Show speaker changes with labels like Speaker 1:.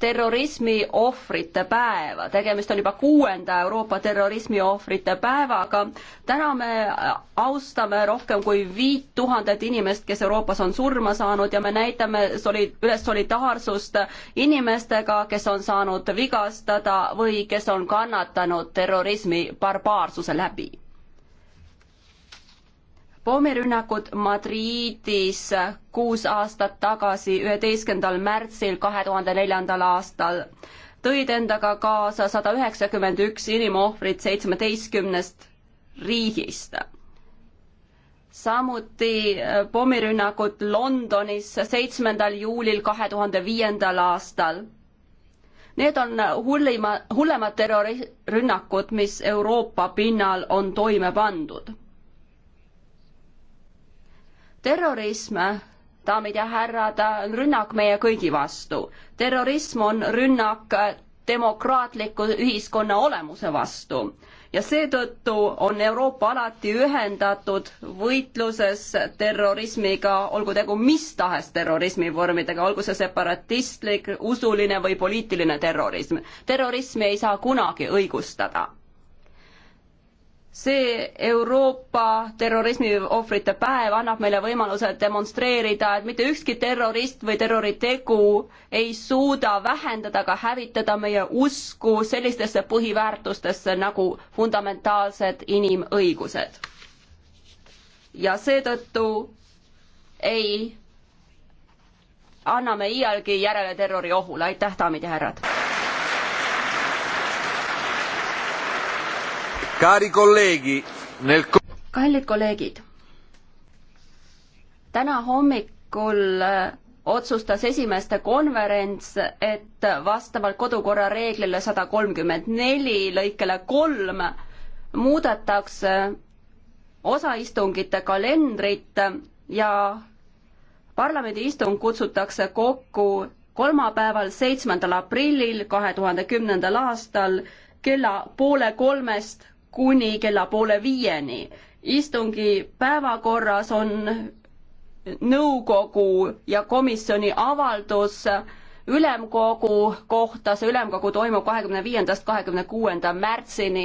Speaker 1: terrorismi ohvrite päeva, tegemist on juba kuuenda Euroopa terrorismi ohvrite päevaga. täna me austame rohkem kui viit tuhandet inimest, kes Euroopas on surma saanud ja me näitame soli-, üles solidaarsust inimestega, kes on saanud vigastada või kes on kannatanud terrorismi barbaarsuse läbi pommirünnakud Madridis kuus aastat tagasi, üheteistkümnendal märtsil kahe tuhande neljandal aastal tõid endaga kaasa sada üheksakümmend üks inimohvrit seitsmeteistkümnest riigist. samuti äh, pommirünnakud Londonis seitsmendal juulil kahe tuhande viiendal aastal Need on hullima, hullemad terrorirünnakud, mis Euroopa pinnal on toime pandud terrorism, daamid ja härrad, on rünnak meie kõigi vastu. terrorism on rünnak demokraatliku ühiskonna olemuse vastu ja seetõttu on Euroopa alati ühendatud võitluses terrorismiga, olgu tegu mis tahes terrorismivormidega, olgu see separatistlik, usuline või poliitiline terrorism. terrorismi ei saa kunagi õigustada see Euroopa terrorismiohvrite päev annab meile võimaluse demonstreerida, et mitte ükski terrorist või terroritegu ei suuda vähendada ega hävitada meie usku sellistesse põhiväärtustesse nagu fundamentaalsed inimõigused. ja seetõttu ei anna me iialgi järele terroriohule, aitäh, daamid ja härrad! Cari colleghi, nel... kallid kolleegid, täna hommikul äh, otsustas esimeste konverents, et vastavalt kodukorra reeglile sada kolmkümmend neli lõikele kolm muudetakse osaistungite kalendrit ja parlamendi istung kutsutakse kokku kolmapäeval, seitsmendal aprillil kahe tuhande kümnendal aastal kella poole kolmest kuni kella poole viieni. istungi päevakorras on nõukogu ja komisjoni avaldus ülemkogu kohta, see ülemkogu toimub kahekümne viiendast kahekümne kuuenda märtsini.